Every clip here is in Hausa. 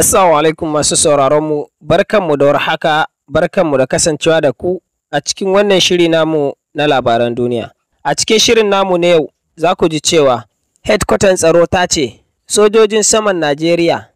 Assalamu alaikum masu sauraron mu, barkanmu da warhaka, barkanmu da kasancewa da ku a cikin wannan shiri namu na labaran duniya. A cikin shirin namu na yau za ku ji cewa headquarter tsaro ta ce sojojin saman Najeriya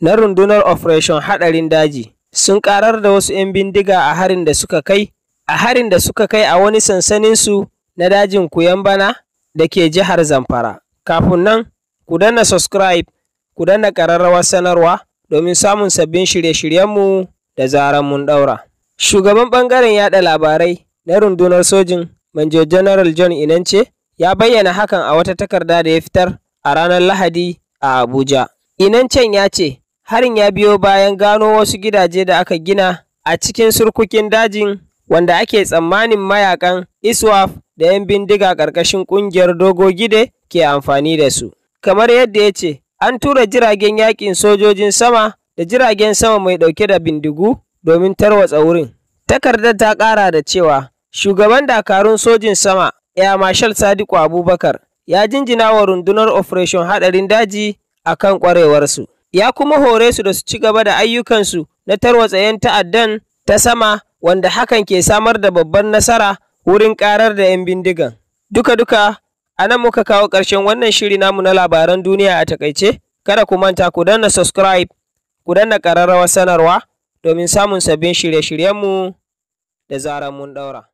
na rundunar Operation Hadarin Daji sun karar da wasu 'yan bindiga a harin da suka kai a harin da suka kai a wani sansanin su na dajin Kuyambana da ke jihar Zamfara. Kafin nan, ku danna subscribe, ku danna ƙararrawar sanarwa domin samun sabbin shirye-shiryenmu da zaran mun ɗaura. Shugaban ɓangaren yaɗa labarai na rundunar sojin Manjo General John Inance ya bayyana hakan a wata takarda da ya fitar a ranar Lahadi a Abuja. Inancen ya ce, harin ya biyo bayan gano wasu gidaje da aka gina a cikin surkukin dajin wanda ake tsammanin mayakan ISWAF da 'yan bindiga ƙarƙashin ƙungiyar Dogo Gide ke amfani da su. Kamar yadda ya ce, An tura jiragen yaƙin sojojin sama da jiragen sama mai ɗauke da bindigu domin tarwatsa wurin. Takardar ta ƙara da cewa, Shugaban dakarun sojin sama, Ya Marshal Sadiku Abubakar, ya jinjina wa rundunar Operation Haɗarin Daji a kan ƙwarewarsu. Ya kuma hore su da su ci gaba da ayyukansu na tarwatsa 'yan ta'addan ta sama wanda hakan ke samar da babban nasara wurin ƙarar da 'yan bindigan. Duka-duka A nan muka kawo ƙarshen wannan shiri namu na labaran duniya a takaice, kada ku manta ku danna subscribe, ku danna ƙararrawar sanarwa domin samun sabbin shirye-shiryenmu da zarar mun ɗaura.